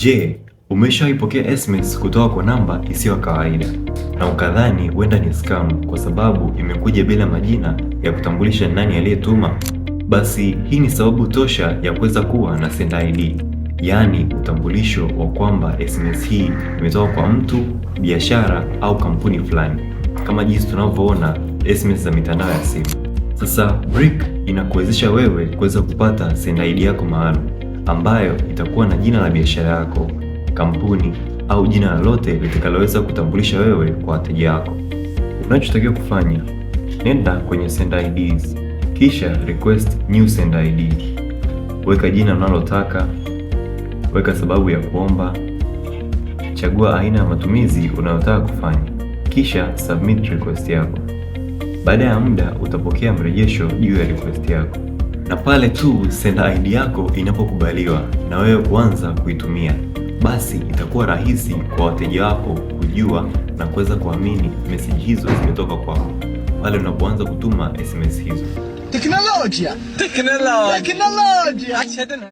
Je, umeshawaipokea SMS kutoka kwa namba isiyo kawaida na ukadhani huenda ni scam kwa sababu imekuja bila majina ya kutambulisha nani aliyetuma? Basi hii ni sababu tosha ya kuweza kuwa na sender ID, yaani utambulisho wa kwamba SMS hii imetoka kwa mtu, biashara au kampuni fulani, kama jinsi tunavyoona SMS za mitandao ya simu. Sasa Brick inakuwezesha wewe kuweza kupata sender ID yako maalum ambayo itakuwa na jina la biashara yako, kampuni au jina lolote litakaloweza kutambulisha wewe kwa wateja wako. Unachotakiwa kufanya, nenda kwenye send IDs, kisha request new send ID. Weka jina unalotaka, weka sababu ya kuomba, chagua aina ya matumizi unayotaka kufanya, kisha submit request yako. Baada ya muda utapokea mrejesho juu ya request yako na pale tu senda ID yako inapokubaliwa na wewe kuanza kuitumia, basi itakuwa rahisi kwa wateja wako kujua na kuweza kuamini meseji hizo zimetoka kwako pale unapoanza kutuma SMS hizo. Teknolojia, teknolojia, teknolojia.